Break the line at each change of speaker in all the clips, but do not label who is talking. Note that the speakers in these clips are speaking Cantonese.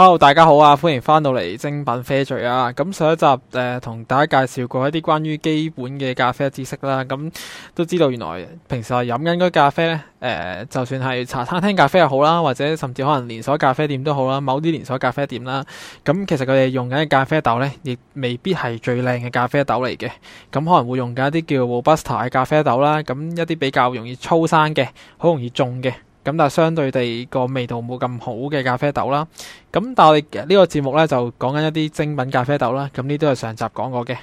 Hello 大家好啊！歡迎翻到嚟精品啡聚啊！咁上一集誒，同、呃、大家介紹過一啲關於基本嘅咖啡知識啦。咁、嗯、都知道，原來平時係飲緊嗰咖啡咧，誒、呃，就算係茶餐廳咖啡又好啦，或者甚至可能連鎖咖啡店都好啦，某啲連鎖咖啡店啦，咁、嗯、其實佢哋用緊嘅咖啡豆咧，亦未必係最靚嘅咖啡豆嚟嘅。咁、嗯、可能會用緊一啲叫 robusta 嘅咖啡豆啦，咁、嗯、一啲比較容易粗生嘅，好容易種嘅。咁但係相對地個味道冇咁好嘅咖啡豆啦，咁但係我哋呢個節目呢，就講緊一啲精品咖啡豆啦，咁呢都係上集講過嘅。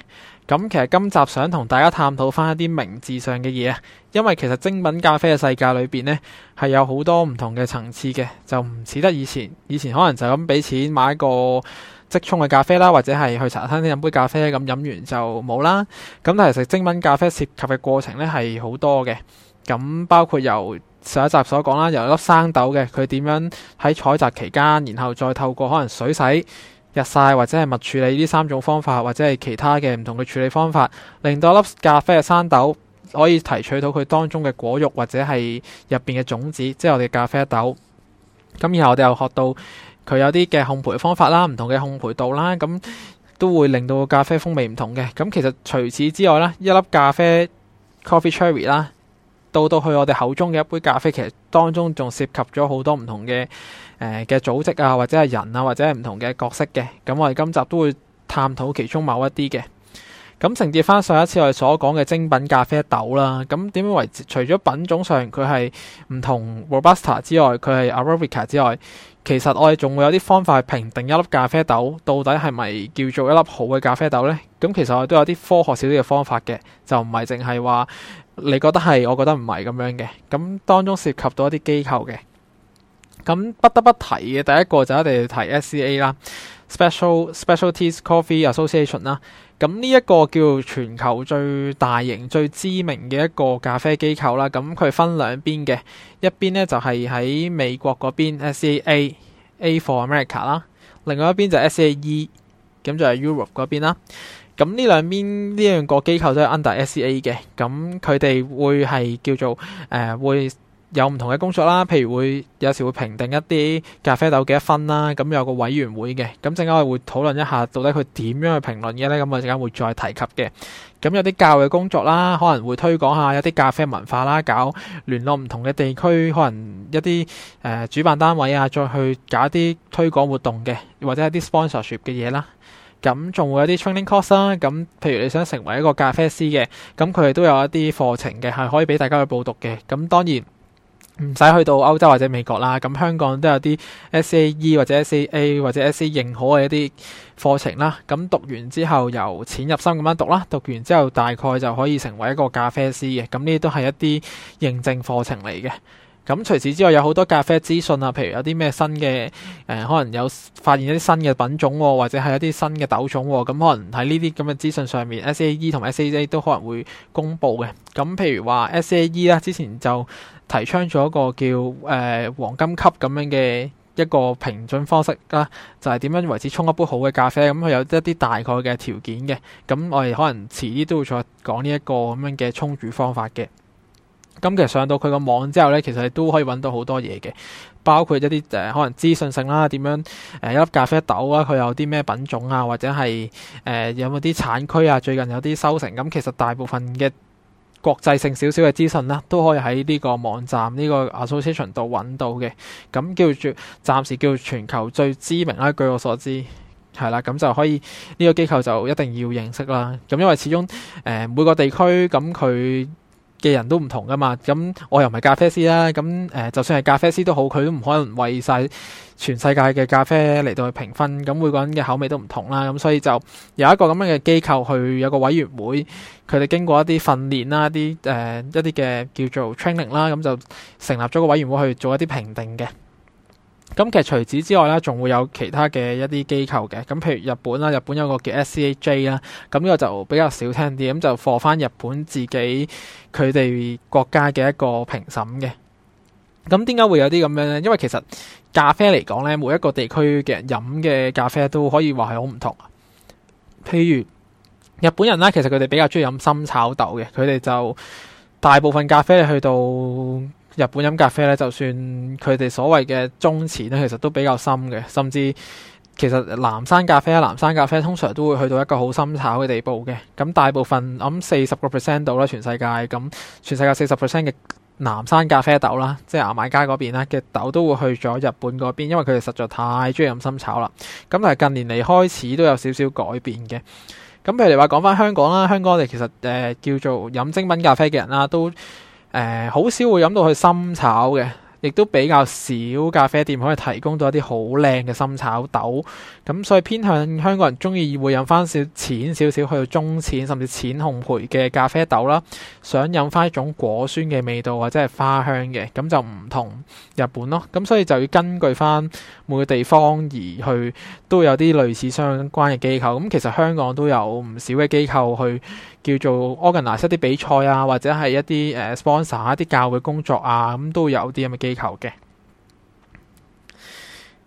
咁其實今集想同大家探討翻一啲名字上嘅嘢，因為其實精品咖啡嘅世界裏邊呢，係有好多唔同嘅層次嘅，就唔似得以前，以前可能就咁俾錢買一個即沖嘅咖啡啦，或者係去茶餐廳飲杯咖啡，咁飲完就冇啦。咁但係食精品咖啡涉及嘅過程呢，係好多嘅，咁包括由上一集所講啦，有一粒生豆嘅佢點樣喺採集期間，然後再透過可能水洗、日曬或者係蜜處理呢三種方法，或者係其他嘅唔同嘅處理方法，令到一粒咖啡嘅生豆可以提取到佢當中嘅果肉或者係入邊嘅種子，即係我哋咖啡豆。咁然後我哋又學到佢有啲嘅烘焙方法啦，唔同嘅烘焙度啦，咁都會令到咖啡風味唔同嘅。咁其實除此之外咧，一粒咖啡 coffee cherry 啦。到到去我哋口中嘅一杯咖啡，其實當中仲涉及咗好多唔同嘅、誒嘅組織啊，或者係人啊，或者係唔同嘅角色嘅。咁我哋今集都會探討其中某一啲嘅。咁承接翻上一次我哋所講嘅精品咖啡豆啦，咁點樣維持？除咗品種上佢係唔同 Robusta 之外，佢係 Arabica 之外，其實我哋仲會有啲方法去評定一粒咖啡豆到底係咪叫做一粒好嘅咖啡豆咧。咁其實我哋都有啲科學少少嘅方法嘅，就唔係淨係話。你覺得係，我覺得唔係咁樣嘅。咁當中涉及到一啲機構嘅。咁不得不提嘅第一個就一定要提 SCA 啦，Special Specialties Coffee Association 啦。咁呢一個叫全球最大型、最知名嘅一個咖啡機構啦。咁佢分兩邊嘅，一邊呢就係喺美國嗰邊 SCAA, A for America 啦，另外一邊就係 SCAE，咁就係 Europe 嗰邊啦。咁呢兩邊呢兩個機構都係 Under SCA 嘅，咁佢哋會係叫做誒、呃、會有唔同嘅工作啦，譬如會有時會評定一啲咖啡豆幾多分啦，咁有個委員會嘅，咁陣間我哋會討論一下到底佢點樣去評論嘅呢。咁我陣間會再提及嘅。咁有啲教育工作啦，可能會推廣下一啲咖啡文化啦，搞聯絡唔同嘅地區，可能一啲誒、呃、主辦單位啊，再去搞一啲推廣活動嘅，或者一啲 sponsorship 嘅嘢啦。咁仲會有啲 training course 啦，咁譬如你想成為一個咖啡師嘅，咁佢哋都有一啲課程嘅，係可以俾大家去報讀嘅。咁當然唔使去到歐洲或者美國啦，咁香港都有啲 SAE 或者 SAA 或者 SA 認可嘅一啲課程啦。咁讀完之後由淺入深咁樣讀啦，讀完之後大概就可以成為一個咖啡師嘅。咁呢啲都係一啲認證課程嚟嘅。咁除此之外，有好多咖啡資訊啊，譬如有啲咩新嘅誒、呃，可能有發現一啲新嘅品種，或者係一啲新嘅豆種。咁、嗯、可能喺呢啲咁嘅資訊上面，S A E 同 S A z、e、都可能會公布嘅。咁譬如話 S A E 啦，之前就提倡咗一個叫誒、呃、黃金級咁樣嘅一個評準方式啦，就係、是、點樣為之沖一杯好嘅咖啡。咁、嗯、佢有一啲大概嘅條件嘅。咁我哋可能遲啲都會再講呢一個咁樣嘅沖煮方法嘅。咁其實上到佢個網之後咧，其實你都可以揾到好多嘢嘅，包括一啲誒、呃、可能資訊性啦，點樣誒、呃、一粒咖啡豆啊，佢有啲咩品種啊，或者係誒、呃、有冇啲產區啊，最近有啲收成。咁其實大部分嘅國際性少少嘅資訊啦，都可以喺呢個網站呢、呢個 Association 度揾到嘅。咁叫做暫時叫做全球最知名啦、啊，據我所知係啦。咁就可以呢、呢個機構就一定要認識啦。咁因為始終誒、呃、每個地區咁佢嘅人都唔同噶嘛，咁我又唔係咖啡師啦，咁誒就算係咖啡師都好，佢都唔可能為晒全世界嘅咖啡嚟到去評分，咁每個人嘅口味都唔同啦，咁所以就有一個咁樣嘅機構去有個委員會，佢哋經過一啲訓練啦，啲誒一啲嘅、呃、叫做 training 啦，咁就成立咗個委員會去做一啲評定嘅。咁其實除此之外咧，仲會有其他嘅一啲機構嘅，咁譬如日本啦，日本有個叫 SCAJ 啦，咁呢個就比較少聽啲，咁就放翻日本自己佢哋國家嘅一個評審嘅。咁點解會有啲咁樣呢？因為其實咖啡嚟講呢，每一個地區嘅飲嘅咖啡都可以話係好唔同。譬如日本人咧，其實佢哋比較中意飲深炒豆嘅，佢哋就大部分咖啡去到。日本飲咖啡咧，就算佢哋所謂嘅中炒咧，其實都比較深嘅。甚至其實藍山咖啡啊，藍山咖啡通常都會去到一個好深炒嘅地步嘅。咁大部分，咁四十個 percent 度啦，全世界咁，全世界四十 percent 嘅藍山咖啡豆啦，即係牙買加嗰邊咧嘅豆都會去咗日本嗰邊，因為佢哋實在太中意飲深炒啦。咁但係近年嚟開始都有少少改變嘅。咁譬如話講返香港啦，香港我哋其實誒、呃、叫做飲精品咖啡嘅人啦，都。誒，好、呃、少會飲到去深炒嘅，亦都比較少咖啡店可以提供到一啲好靚嘅深炒豆，咁所以偏向香港人中意會飲翻少淺少少去到中淺，甚至淺烘焙嘅咖啡豆啦，想飲翻一種果酸嘅味道或者係花香嘅，咁就唔同日本咯，咁所以就要根據翻每個地方而去，都有啲類似相關嘅機構，咁其實香港都有唔少嘅機構去。叫做 organize 啲比賽啊，或者係一啲誒 sponsor 一啲教會工作啊，咁都有啲咁嘅機構嘅。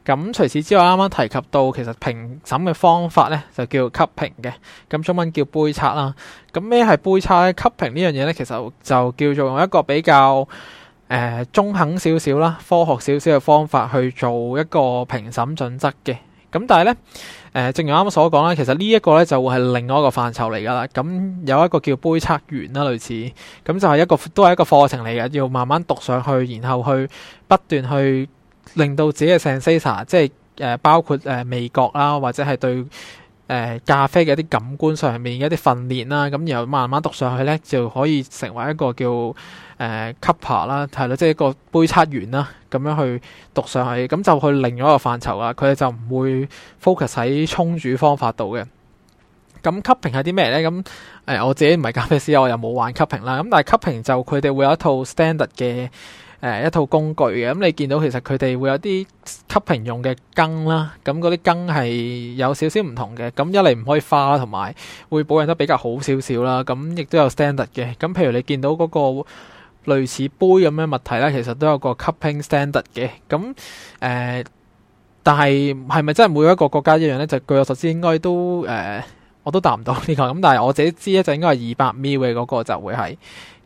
咁除此之外，啱啱提及到其實評審嘅方法咧，就叫級評嘅，咁中文叫杯測啦。咁咩係杯測咧？級評呢樣嘢咧，其實就叫做用一個比較誒、呃、中肯少少啦、科學少少嘅方法去做一個評審準則嘅。咁但係咧，誒、呃，正如啱啱所講啦，其實呢一個咧就會係另外一個範疇嚟㗎喇。咁有一個叫杯測員啦，類似，咁就係一個都係一個課程嚟嘅，要慢慢讀上去，然後去不斷去令到自己嘅 sense 即係誒、呃、包括誒、呃、味覺啦，或者係對。誒咖啡嘅一啲感官上面嘅一啲訓練啦，咁然後慢慢讀上去咧，就可以成為一個叫誒、呃、cupper 啦，係咯，即係一個杯測員啦，咁樣去讀上去，咁就去另一個範疇啦。佢哋就唔會 focus 喺沖煮方法度嘅。咁 cupping 係啲咩咧？咁誒、呃、我自己唔係咖啡師，我又冇玩 cupping 啦。咁但係 cupping 就佢哋會有一套 standard 嘅。誒、呃、一套工具嘅，咁、嗯、你見到其實佢哋會有啲 cupping 用嘅羹啦，咁嗰啲羹係有少少唔同嘅，咁、嗯、一嚟唔可以花，同埋會保養得比較好少少啦，咁、嗯、亦都有 standard 嘅，咁、嗯、譬如你見到嗰個類似杯咁樣物體啦，其實都有個 cupping standard 嘅，咁、嗯、誒、呃，但係係咪真係每一個國家一樣咧？就據我頭先應該都誒、呃，我都答唔到呢、這個，咁但係我自己知咧就應該係二百 ml 嘅嗰個就會係。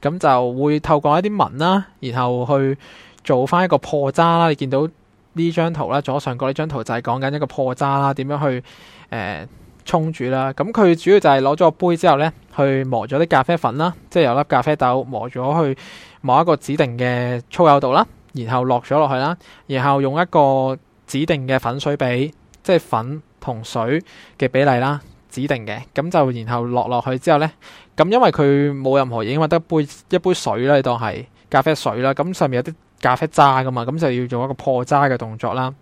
咁就會透過一啲紋啦，然後去做翻一個破渣啦。你見到呢張圖啦，左上角呢張圖就係講緊一個破渣啦，點樣去誒沖煮啦。咁、呃、佢主要就係攞咗個杯之後呢，去磨咗啲咖啡粉啦，即係由粒咖啡豆磨咗去磨一個指定嘅粗幼度啦，然後落咗落去啦，然後用一個指定嘅粉水比，即係粉同水嘅比例啦，指定嘅，咁就然後落落去之後呢。咁因為佢冇任何影或者得一杯一杯水啦，你當係咖啡水啦。咁上面有啲咖啡渣㗎嘛，咁就要做一個破渣嘅動作啦。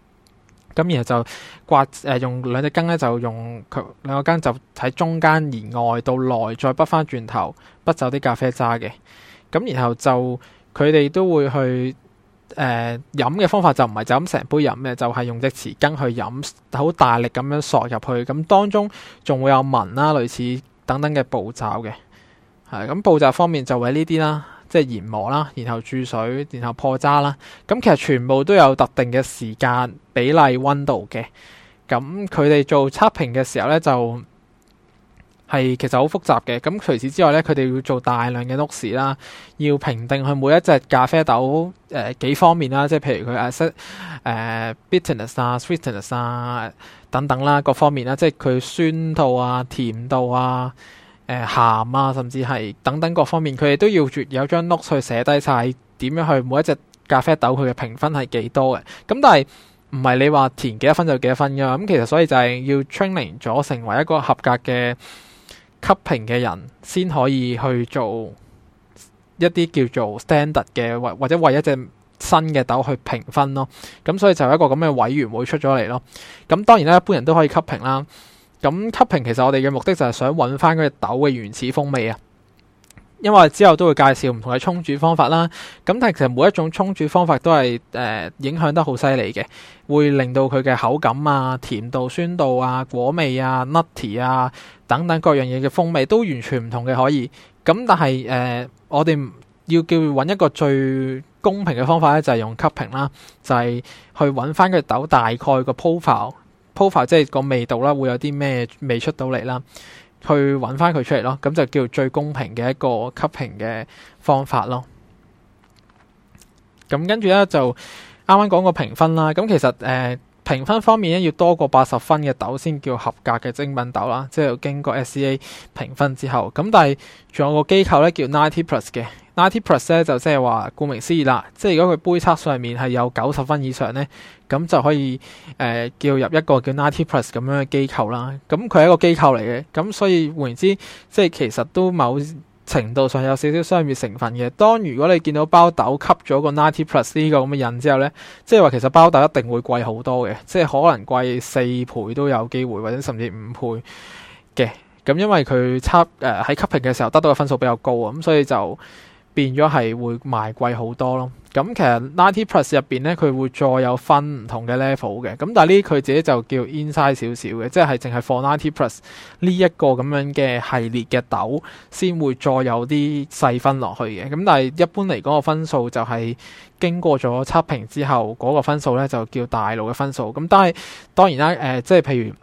咁然後就刮誒、呃，用兩隻羹咧，就用佢兩個羹就喺中間，而外到內再筆翻轉頭筆走啲咖啡渣嘅。咁然後就佢哋都會去誒飲嘅方法就唔係就咁成杯飲嘅，就係、是、用隻匙羹去飲，好大力咁樣索入去。咁當中仲會有紋啦，類似。等等嘅步驟嘅，係、啊、咁步驟方面就係呢啲啦，即係研磨啦，然後注水，然後破渣啦，咁其實全部都有特定嘅時間、比例、溫度嘅。咁佢哋做測評嘅時候咧，就係其實好複雜嘅。咁、啊、除此之外咧，佢哋要做大量嘅 notes 啦，要評定佢每一隻咖，咖啡豆誒、呃、幾方面啦，即係譬如佢誒色誒 bitterness 啊、sweetness 啊。等等啦，各方面啦，即係佢酸度啊、甜度啊、誒、呃、鹹啊，甚至係等等各方面，佢哋都要住有張 notes 去寫低晒點樣去每一隻咖啡豆佢嘅評分係幾多嘅。咁但係唔係你話填幾多分就幾多分噶？咁其實，所以就係要 training 咗成為一個合格嘅級評嘅人，先可以去做一啲叫做 standard 嘅或或者為一隻。新嘅豆去評分咯，咁所以就有一個咁嘅委員會出咗嚟咯。咁當然啦，一般人都可以吸評啦。咁吸評其實我哋嘅目的就係想揾翻嗰隻豆嘅原始風味啊。因為之後都會介紹唔同嘅沖煮方法啦。咁但係其實每一種沖煮方法都係誒、呃、影響得好犀利嘅，會令到佢嘅口感啊、甜度、酸度啊、果味啊、nutty 啊等等各樣嘢嘅風味都完全唔同嘅，可以咁。但係誒、呃，我哋要叫揾一個最公平嘅方法咧就係、是、用 cupping 啦，就係、是、去揾翻佢豆大概個 profile，profile 即係個味道啦，會有啲咩味出到嚟啦，去揾翻佢出嚟咯，咁就叫最公平嘅一個 cupping 嘅方法咯。咁跟住咧就啱啱講過個評分啦，咁其實誒、呃、評分方面咧要多過八十分嘅豆先叫合格嘅精品豆啦，即係要經過 SCA 評分之後，咁但係仲有個機構咧叫 Ninety Plus 嘅。Ninety plus 咧就即係話，顧名思義啦，即係如果佢杯測上面係有九十分以上咧，咁就可以誒、呃、叫入一個叫 Ninety plus 咁樣嘅機構啦。咁佢係一個機構嚟嘅，咁、嗯、所以換言之，即係其實都某程度上有少少商業成分嘅。當如果你見到包豆吸咗個 Ninety plus 呢個咁嘅印之後咧，即係話其實包豆一定會貴好多嘅，即係可能貴四倍都有機會，或者甚至五倍嘅。咁、嗯、因為佢測誒喺吸評嘅時候得到嘅分數比較高啊，咁、嗯、所以就。變咗係會賣貴好多咯。咁其實 Ninety Plus 入邊咧，佢會再有分唔同嘅 level 嘅。咁但係呢，佢自己就叫 inside 少少嘅，即係係淨係放 Ninety Plus 呢一個咁樣嘅系列嘅豆先會再有啲細分落去嘅。咁但係一般嚟講，個分數就係經過咗測評之後嗰、那個分數咧，就叫大陸嘅分數。咁但係當然啦，誒、呃，即係譬如。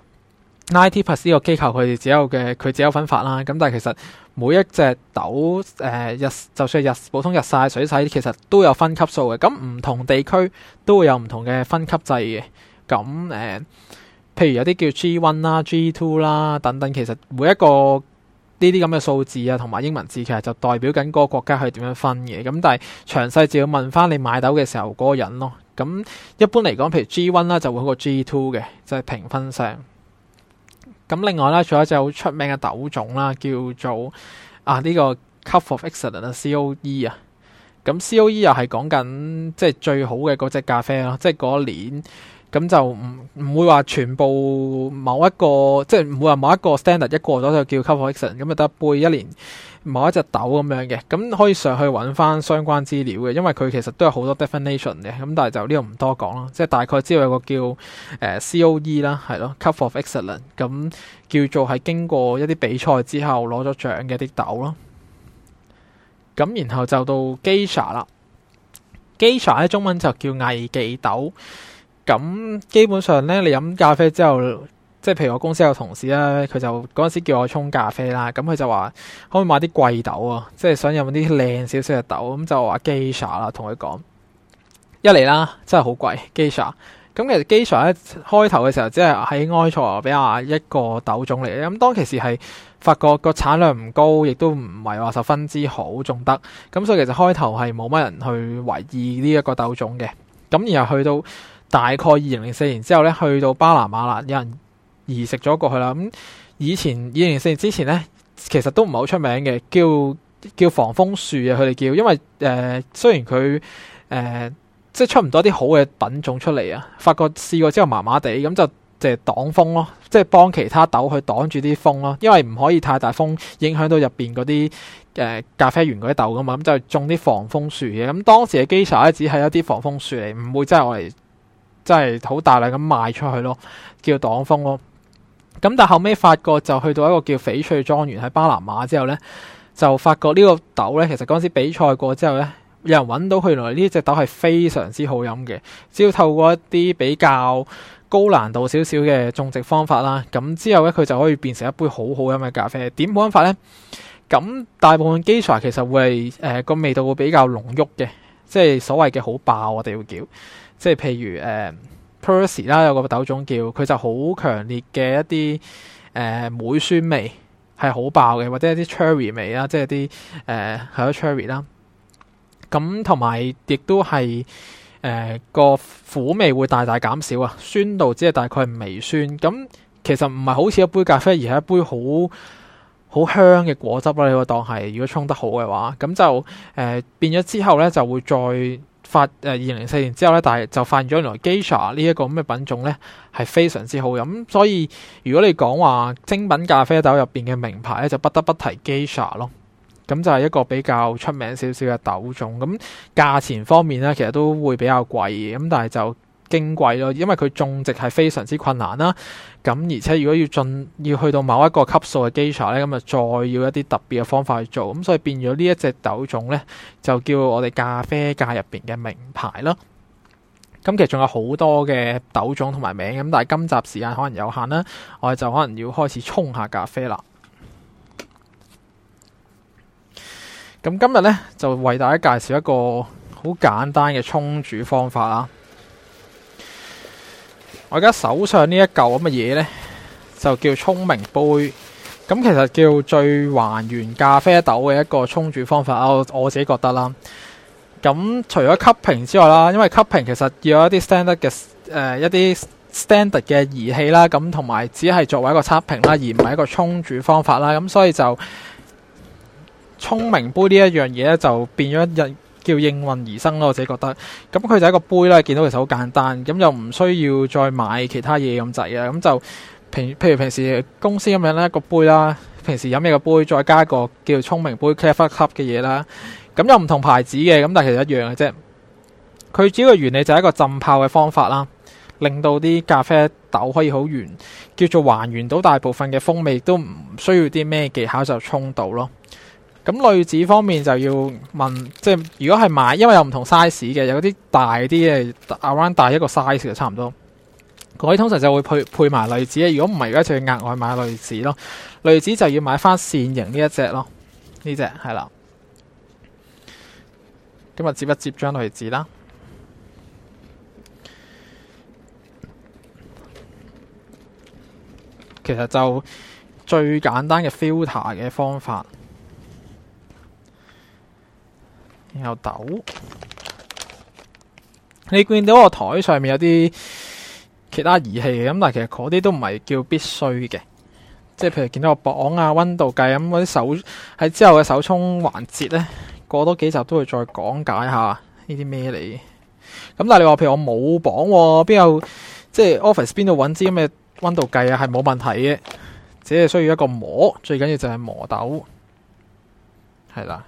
Ninety Plus 呢個機構佢哋只有嘅，佢只有分法啦。咁但係其實每一隻豆誒日、呃、就算係日普通日曬水洗，其實都有分級數嘅。咁唔同地區都會有唔同嘅分級制嘅。咁誒、呃，譬如有啲叫 G One 啦、G Two 啦等等，其實每一個呢啲咁嘅數字啊，同埋英文字其實就代表緊嗰個國家係點樣分嘅。咁但係詳細就要問翻你買豆嘅時候嗰個人咯。咁一般嚟講，譬如 G One 啦，就會好過 G Two 嘅，就係、是、評分上。咁另外咧，仲有一隻好出名嘅豆種啦，叫做啊呢個 cup of excellence 啊，C O E 啊。咁、這個、C O E 又係講緊即係最好嘅嗰隻咖啡咯，即係嗰一年咁就唔唔會話全部某一個即係唔會話某一個 standard 一過咗就叫 cup of excellent，咁就得一杯一年。某一隻豆咁樣嘅，咁可以上去揾翻相關資料嘅，因為佢其實都有好多 definition 嘅，咁但係就呢度唔多講啦，即係大概知道有個叫 COE 啦，呃，係咯，Cup of Excellence，咁叫做係經過一啲比賽之後攞咗獎嘅啲豆咯。咁然後就到 Geisha 啦，Geisha 呢中文就叫藝妓豆，咁基本上呢，你飲咖啡之後。即係譬如我公司有同事啦，佢就嗰陣時叫我沖咖啡啦，咁佢就話可唔可以買啲貴豆啊？即係想飲啲靚少少嘅豆，咁就話基沙啦，同佢講，一嚟啦，真係好貴基沙，咁其實基沙一開頭嘅時候只係喺埃塞俄比亞一個豆種嚟嘅，咁當其時係發覺個產量唔高，亦都唔係話十分之好仲得，咁所以其實開頭係冇乜人去懷疑呢一個豆種嘅，咁然後去到大概二零零四年之後咧，去到巴拿馬啦，有人。移植咗過去啦。咁以前以前二零零四年之前呢，其實都唔係好出名嘅，叫叫防風樹啊。佢哋叫，因為誒、呃、雖然佢誒、呃、即係出唔多啲好嘅品種出嚟啊，發覺試過之後麻麻地，咁就即係擋風咯，即係幫其他豆去擋住啲風咯。因為唔可以太大風影響到入邊嗰啲誒咖啡園嗰啲豆噶嘛，咁、嗯、就係、種啲防風樹嘅。咁當時嘅機場只係一啲防風樹嚟，唔會真係真係好大量咁賣出去咯，叫擋風咯。咁但後尾發覺就去到一個叫翡翠莊園喺巴拿馬之後呢，就發覺呢個豆呢，其實嗰陣時比賽過之後呢，有人揾到佢原來呢隻豆係非常之好飲嘅，只要透過一啲比較高難度少少嘅種植方法啦，咁之後呢，佢就可以變成一杯好好飲嘅咖啡。點好飲法呢？咁大部分基材其實會係個、呃、味道會比較濃郁嘅，即係所謂嘅好爆，我哋會叫，即係譬如誒。呃 Percy 啦，有個豆種，叫佢就好強烈嘅一啲誒、呃，梅酸味係好爆嘅，或者一啲 cherry 味啦，即係啲誒，係咯 cherry 啦。咁同埋亦都係誒、呃、個苦味會大大減少啊，酸度只係大概微酸。咁其實唔係好似一杯咖啡，而係一杯好好香嘅果汁啦。你話當係如果沖得好嘅話，咁就誒、呃、變咗之後咧就會再。發誒，二零零四年之後咧，但係就發現咗原來 Geisha 呢一個咩品種咧係非常之好飲。咁所以如果你講話精品咖啡豆入邊嘅名牌咧，就不得不提 Geisha 咯，咁就係一個比較出名少少嘅豆種，咁價錢方面咧，其實都會比較貴嘅，咁但係就。矜貴咯，因為佢種植係非常之困難啦。咁而且如果要進要去到某一個級數嘅 Geisha 呢，咁啊再要一啲特別嘅方法去做，咁所以變咗呢一隻豆種呢，就叫我哋咖啡界入邊嘅名牌啦。咁其實仲有好多嘅豆種同埋名咁，但係今集時間可能有限啦，我哋就可能要開始沖下咖啡啦。咁今日呢，就為大家介紹一個好簡單嘅沖煮方法啦。我而家手上呢一嚿咁嘅嘢呢，就叫聰明杯。咁其實叫最還原咖啡豆嘅一個沖煮方法啊，我自己覺得啦。咁除咗吸瓶之外啦，因為吸瓶其實要有一啲 standard 嘅誒一啲 standard 嘅儀器啦，咁同埋只係作為一個測評啦，而唔係一個沖煮方法啦。咁所以就聰明杯呢一樣嘢咧，就變咗一。叫應運而生咯，我自己覺得。咁佢就係一個杯啦，見到其實好簡單，咁又唔需要再買其他嘢咁滯啊。咁就平譬如平時公司咁樣啦，一個杯啦，平時飲咩嘅杯，再加一個叫做聰明杯 Clever Cup 嘅嘢啦。咁又唔同牌子嘅，咁但係其實一樣嘅啫。佢主要嘅原理就係一個浸泡嘅方法啦，令到啲咖啡豆可以好圓，叫做還原到大部分嘅風味，都唔需要啲咩技巧就沖到咯。咁濾紙方面就要問，即係如果係買，因為有唔同 size 嘅，有啲大啲嘅，around 大一個 size 就差唔多。咁通常就會配配埋濾紙嘅，如果唔係而家就要額外買濾紙咯。濾紙就要買翻扇形呢一隻咯，呢隻係啦。咁啊，接一接張濾紙啦。其實就最簡單嘅 filter 嘅方法。有豆，你見到我台上面有啲其他儀器嘅，咁但係其實嗰啲都唔係叫必須嘅，即係譬如見到個磅啊、溫度計咁嗰啲手喺之後嘅手沖環節呢，過多幾集都會再講解下呢啲咩嚟。咁但係你話譬如我冇磅啊，邊有即係 Office 邊度揾支咁嘅溫度計啊？係冇問題嘅，只係需要一個磨。最緊要就係磨豆，係啦。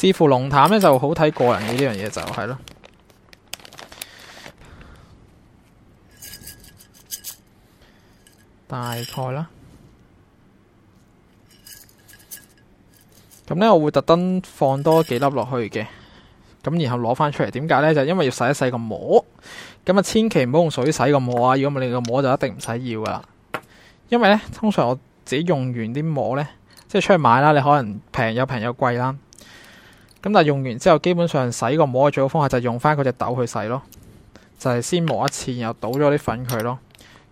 視乎濃淡呢就好睇個人嘅，呢樣嘢就係咯，大概啦。咁呢，我會特登放多幾粒落去嘅。咁然後攞返出嚟，點解呢？就因為要洗一洗個膜。咁啊，千祈唔好用水洗個膜啊！如果唔係，你個膜就一定唔使要噶啦。因為呢，通常我自己用完啲膜呢，即係出去買啦。你可能平有平，有貴啦。咁但係用完之後，基本上洗個膜嘅最好方法就係用翻嗰隻豆去洗咯，就係先磨一次，然後倒咗啲粉佢咯。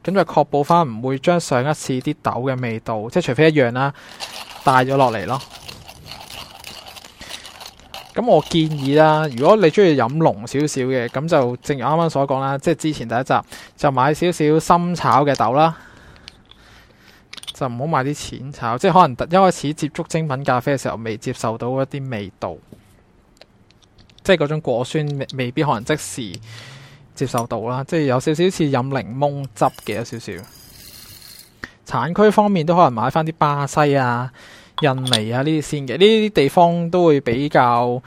咁就確保翻唔會將上一次啲豆嘅味道，即係除非一樣啦、啊，帶咗落嚟咯。咁我建議啦、啊，如果你中意飲濃少少嘅，咁就正如啱啱所講啦，即係之前第一集就買少少深炒嘅豆啦。就唔好買啲淺炒，即係可能一開始接觸精品咖啡嘅時候，未接受到一啲味道，即係嗰種果酸未，未必可能即時接受到啦。即係有少少似飲檸檬汁嘅有少少。產區方面都可能買翻啲巴西啊、印尼啊呢啲先嘅，呢啲地方都會比較。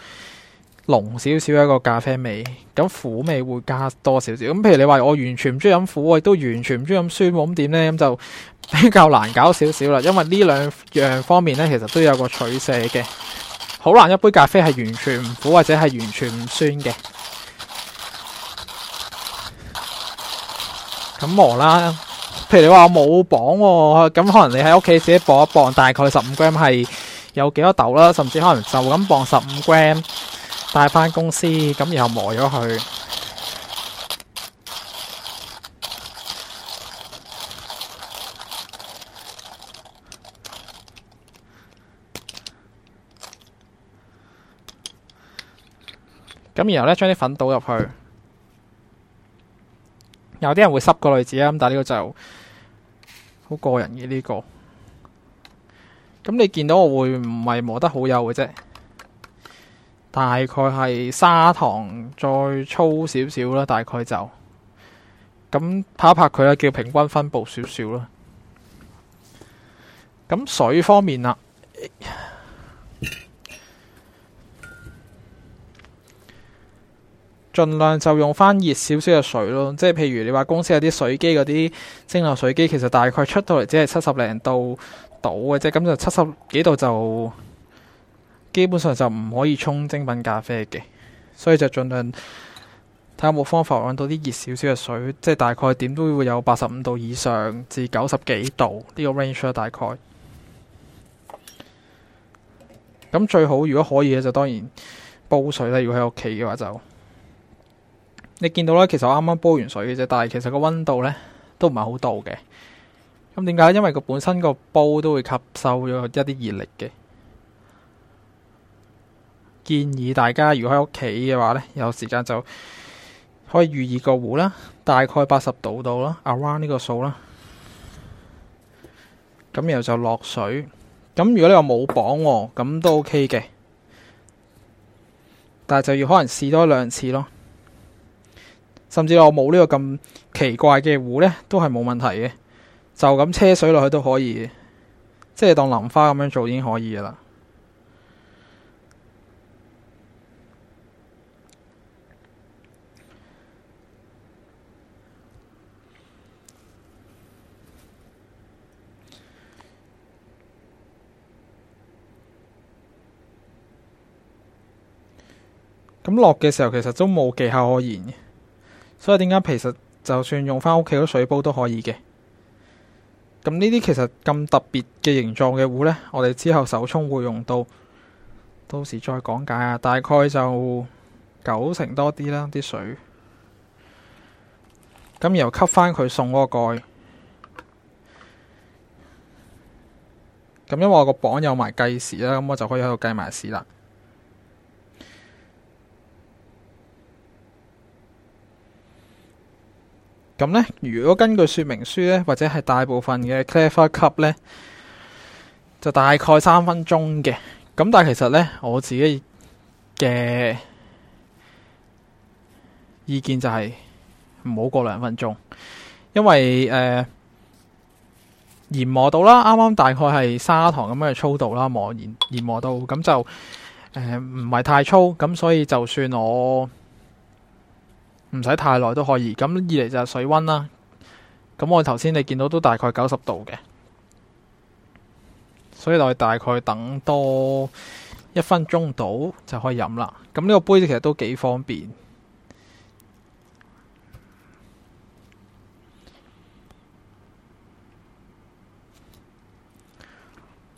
濃少少一個咖啡味，咁苦味會加多少少。咁譬如你話我完全唔中意飲苦，我都完全唔中意飲酸，咁點呢？咁就比較難搞少少啦。因為呢兩樣方面呢，其實都有個取捨嘅，好難一杯咖啡係完全唔苦或者係完全唔酸嘅。咁冇啦。譬如你話我冇磅喎，咁可能你喺屋企自己磅一磅，大概十五 gram 係有幾多豆啦，甚至可能就咁磅十五 gram。帶返公司，咁然後磨咗佢，咁然後咧，將啲粉倒入去，有啲人會濕個類子啊，咁但係呢個就好個人嘅呢、呢個，咁你見到我會唔係磨得好幼嘅啫？大概係砂糖再粗少少啦，大概就咁拍一拍佢啦，叫平均分布少少啦。咁水方面啦、啊，盡 量就用翻熱少少嘅水咯，即係譬如你話公司有啲水機嗰啲蒸餾水機，其實大概出到嚟只係七十零度度嘅啫，咁就七十幾度就。基本上就唔可以沖精品咖啡嘅，所以就盡量睇下冇方法搵到啲熱少少嘅水，即係大概點都會有八十五度以上至九十幾度呢個 range 啦，大概。咁最好如果可以嘅就當然煲水啦，如果喺屋企嘅話就，你見到啦，其實我啱啱煲完水嘅啫，但係其實個溫度咧都唔係好度嘅。咁點解？因為佢本身個煲都會吸收咗一啲熱力嘅。建議大家如果喺屋企嘅話呢，有時間就可以預熱個壺啦，大概八十度到啦，around 呢個數啦。咁然後就落水。咁如果你話冇綁、哦，咁都 OK 嘅。但係就要可能試多兩次咯。甚至我冇呢個咁奇怪嘅壺呢，都係冇問題嘅。就咁車水落去都可以，即係當淋花咁樣做已經可以噶啦。咁落嘅時候其實都冇技巧可言，所以點解其實就算用返屋企個水煲都可以嘅。咁呢啲其實咁特別嘅形狀嘅壺呢，我哋之後手沖會用到，到時再講解啊。大概就九成多啲啦，啲水。咁又吸返佢送嗰個蓋。咁因為我個磅有埋計時啦，咁我就可以喺度計埋時啦。咁呢，如果根據說明書呢，或者係大部分嘅 Clever Cup 呢，就大概三分鐘嘅。咁但係其實呢，我自己嘅意見就係唔好過兩分鐘，因為誒、呃、研磨度啦，啱啱大概係砂糖咁嘅粗度啦，磨研研磨度咁就唔係、呃、太粗，咁所以就算我。唔使太耐都可以，咁二嚟就係水溫啦。咁我頭先你見到都大概九十度嘅，所以我大概等多一分鐘到就可以飲啦。咁呢個杯子其實都幾方便。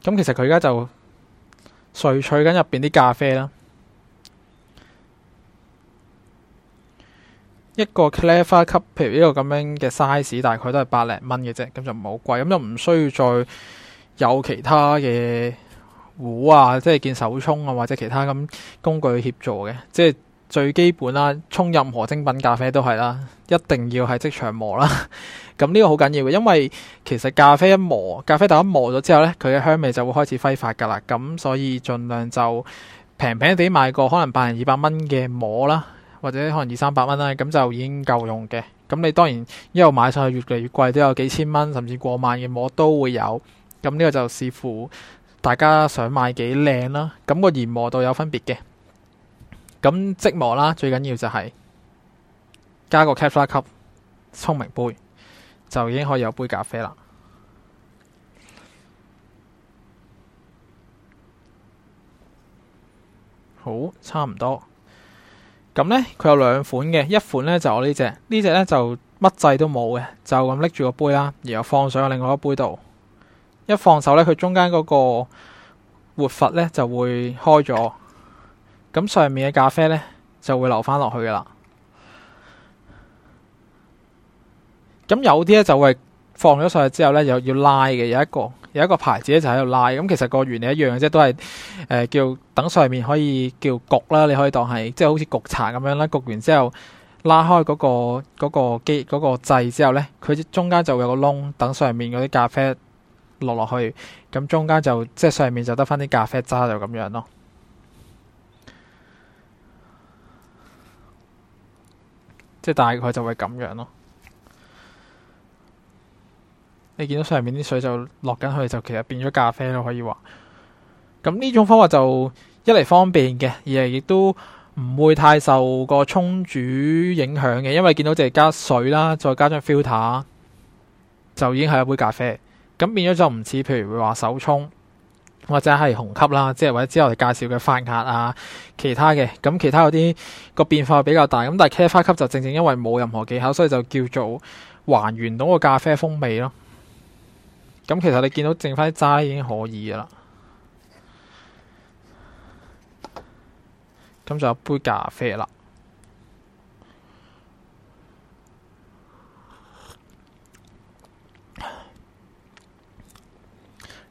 咁其實佢而家就萃取緊入邊啲咖啡啦。一個 clever 級，譬如呢個咁樣嘅 size，大概都係百零蚊嘅啫，咁就唔好貴，咁就唔需要再有其他嘅壺啊，即係見手沖啊或者其他咁工具去協助嘅，即係最基本啦、啊。沖任何精品咖啡都係啦，一定要係即場磨啦。咁呢個好緊要嘅，因為其實咖啡一磨，咖啡豆一磨咗之後呢，佢嘅香味就會開始揮發㗎啦。咁所以盡量就平平地買個可能百零二百蚊嘅磨啦。或者可能二三百蚊啦，咁就已經夠用嘅。咁你當然一路買上去越嚟越貴，都有幾千蚊甚至過萬嘅，磨都會有。咁呢個就視乎大家想買幾靚啦。咁、那個研磨度有分別嘅。咁即磨啦，最緊要就係、是、加個 cap a 吸，聰明杯就已經可以有杯咖啡啦。好，差唔多。咁呢，佢有兩款嘅，一款呢，就我呢隻，呢隻呢，就乜掣都冇嘅，就咁拎住個杯啦，然後放上去另外一杯度，一放手呢，佢中間嗰個活閥呢，就會開咗，咁上面嘅咖啡呢，就會流返落去噶啦。咁有啲呢，就會放咗上去之後呢，又要拉嘅，有一個。有一個牌子咧，就喺度拉咁，其實個原理一樣嘅啫，都係誒、呃、叫等上面可以叫焗啦，你可以當係即係好似焗茶咁樣啦。焗完之後拉開嗰個嗰個機嗰個掣之後咧，佢中間就會有個窿，等上面嗰啲咖啡落落去，咁中間就即係上面就得翻啲咖啡渣就咁樣咯，即係大概就會咁樣咯。你見到上面啲水就落緊去，就其實變咗咖啡咯。可以話咁呢種方法就一嚟方便嘅，二嚟亦都唔會太受個沖煮影響嘅。因為見到淨係加水啦，再加張 filter 就已經係一杯咖啡。咁變咗就唔似，譬如話手沖或者係虹吸啦，即係或者之後我哋介紹嘅法壓啊，其他嘅咁其他嗰啲個變化比較大。咁但係 k a 花級就正正因為冇任何技巧，所以就叫做還原到個咖啡風味咯。咁其實你見到剩翻啲渣已經可以嘅啦，咁就一杯咖啡啦。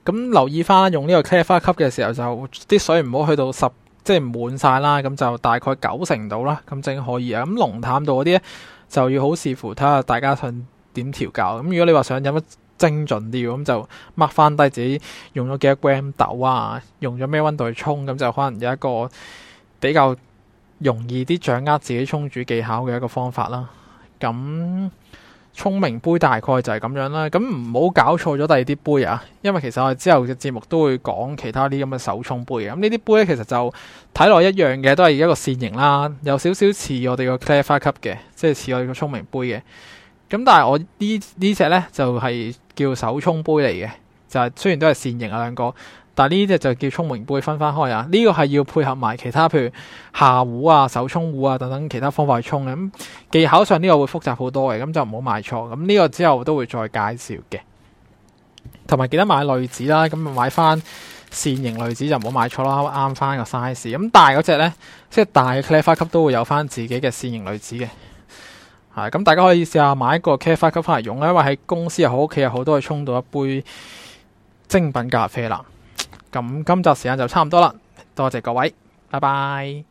咁留意翻用呢個 clever cup 嘅時候就，就啲水唔好去到十，即係滿晒啦。咁就大概九成度啦，咁正可以啊。咁濃淡度嗰啲咧，就要好視乎睇下大家想點調教。咁如果你話想飲乜？精準啲咁就 mark 翻低自己用咗幾多 gram 豆啊，用咗咩溫度去沖，咁就可能有一個比較容易啲掌握自己沖煮技巧嘅一個方法啦。咁聰明杯大概就係咁樣啦。咁唔好搞錯咗第二啲杯啊，因為其實我哋之後嘅節目都會講其他啲咁嘅手沖杯嘅。咁呢啲杯咧其實就睇落一樣嘅，都係一個扇形啦，有少少似我哋個咖啡級嘅，即係似我哋個聰明杯嘅。咁但係我呢呢隻呢就係、是、叫手沖杯嚟嘅，就係、是、雖然都係扇形啊兩個，但呢隻就叫聰明杯分翻開啊。呢、這個係要配合埋其他，譬如下壺啊、手沖壺啊等等其他方法去沖嘅。咁、嗯、技巧上呢個會複雜好多嘅，咁、嗯、就唔好買錯。咁、嗯、呢、這個之後都會再介紹嘅，同埋記得買濾紙啦。咁買翻扇形濾紙就唔好買錯啦，啱翻個 size、嗯。咁大嗰隻呢，即係大嘅 clever cup 都會有翻自己嘅扇形濾紙嘅。係咁、嗯，大家可以試下買一個咖啡機翻嚟用啦，因為喺公司又好，屋企又好，都可以沖到一杯精品咖啡啦。咁、嗯、今集時間就差唔多啦，多謝各位，拜拜。